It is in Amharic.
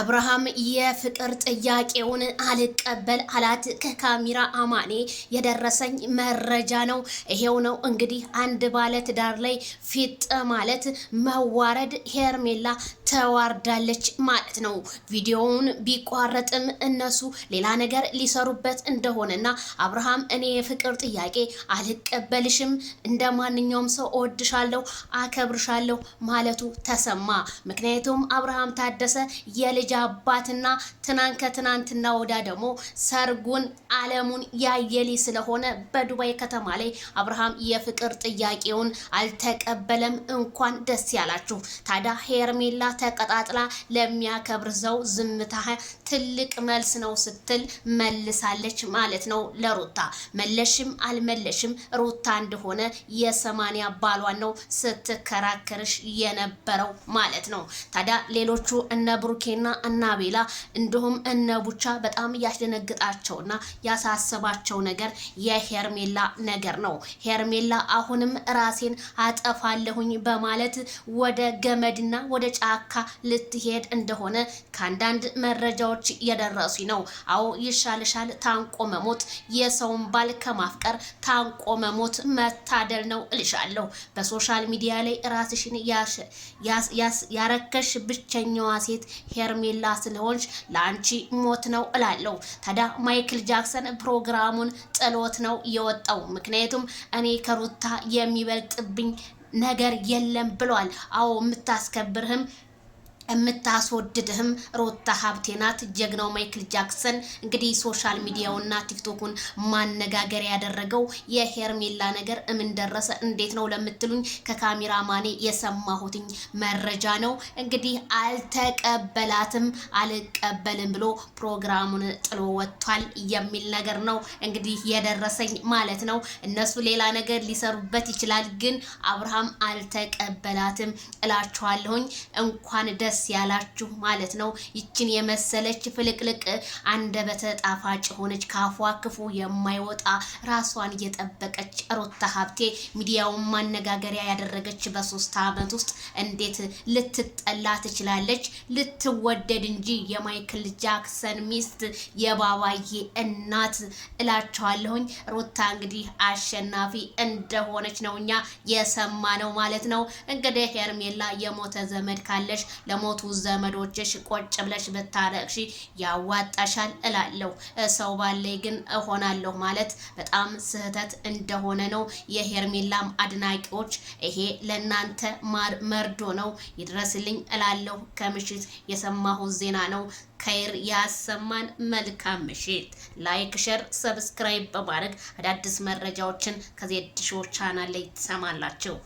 አብርሃም የፍቅር ጥያቄውን አልቀበል አላት። ከካሜራ አማኔ የደረሰኝ መረጃ ነው። ይሄው ነው እንግዲህ አንድ ባለ ትዳር ላይ ፊጥ ማለት መዋረድ። ሄርሜላ ተዋርዳለች ማለት ነው። ቪዲዮውን ቢቋረጥም እነሱ ሌላ ነገር ሊሰሩበት እንደሆነና አብርሃም እኔ የፍቅር ጥያቄ አልቀበልሽም፣ እንደ ማንኛውም ሰው እወድሻለሁ፣ አከብርሻለሁ ማለቱ ተሰማ። ምክንያቱም አብርሃም ታደሰ የልጅ አባትና ትናንት ከትናንትና ወዳ ደግሞ ሰርጉን አለሙን ያየሊ ስለሆነ በዱባይ ከተማ ላይ አብርሃም የፍቅር ጥያቄውን አልተቀበለም። እንኳን ደስ ያላችሁ። ታዲያ ሄርሜላ ተቀጣጥላ ለሚያከብር ሰው ዝምታ ትልቅ መልስ ነው ስትል መልሳለች ማለት ነው ለሩታ መለሽም አልመለሽም ሩታ እንደሆነ የሰማንያ ባሏን ነው ስትከራከርሽ የነበረው ማለት ነው። ታዲያ ሌሎቹ እነብሩ ብሩኬና እናቤላ እንዲሁም እነ ቡቻ በጣም ያስደነግጣቸውና ያሳሰባቸው ነገር የሄርሜላ ነገር ነው። ሄርሜላ አሁንም ራሴን አጠፋለሁኝ በማለት ወደ ገመድና ወደ ጫካ ልትሄድ እንደሆነ ከአንዳንድ መረጃዎች የደረሱ ነው። አዎ ይሻልሻል ታንቆ መሞት የሰውን ባል ከማፍቀር ታንቆ መሞት መታደል ነው እልሻለሁ። በሶሻል ሚዲያ ላይ ራስሽን ያረከሽ ብቸኛዋ ሴት ሄርሜላ ስለሆንሽ ለአንቺ ሞት ነው እላለሁ። ታዲያ ማይክል ጃክሰን ፕሮግራሙን ጥሎት ነው የወጣው። ምክንያቱም እኔ ከሩታ የሚበልጥብኝ ነገር የለም ብሏል። አዎ የምታስከብርህም የምታስወድድህም ሮታ ሀብቴ ናት። ጀግናው ማይክል ጃክሰን እንግዲህ ሶሻል ሚዲያውና ቲክቶኩን ማነጋገር ያደረገው የሄርሜላ ነገር እምን ደረሰ እንዴት ነው ለምትሉኝ ከካሜራ ማኔ የሰማሁትኝ መረጃ ነው። እንግዲህ አልተቀበላትም፣ አልቀበልም ብሎ ፕሮግራሙን ጥሎ ወጥቷል የሚል ነገር ነው እንግዲህ የደረሰኝ ማለት ነው። እነሱ ሌላ ነገር ሊሰሩበት ይችላል፣ ግን አብርሃም አልተቀበላትም እላችኋለሁኝ እንኳን ደስ ደስ ያላችሁ ማለት ነው። ይችን የመሰለች ፍልቅልቅ አንደበተ ጣፋጭ ሆነች፣ ካፏ ክፉ የማይወጣ ራሷን እየጠበቀች ሩታ ሀብቴ ሚዲያውን ማነጋገሪያ ያደረገች በሶስት ዓመት ውስጥ እንዴት ልትጠላ ትችላለች? ልትወደድ እንጂ የማይክል ጃክሰን ሚስት የባባዬ እናት እላቸዋለሁኝ። ሩታ እንግዲህ አሸናፊ እንደሆነች ነው እኛ ነው ማለት ነው። እንግዲህ ሄርሜላ የሞተ ዘመድ ካለሽ ከሞቱ ዘመዶችሽ ቆጭ ብለሽ ብታለቅሺ ያዋጣሻል እላለሁ። ሰው ባሌ ግን እሆናለሁ ማለት በጣም ስህተት እንደሆነ ነው የሄርሜላም አድናቂዎች። ይሄ ለእናንተ መርዶ ነው፣ ይድረስልኝ እላለሁ። ከምሽት የሰማሁት ዜና ነው። ከይር ያሰማን። መልካም ምሽት። ላይክ፣ ሸር፣ ሰብስክራይብ በማድረግ አዳዲስ መረጃዎችን ከዜድ ቻናል ላይ ትሰማላችሁ።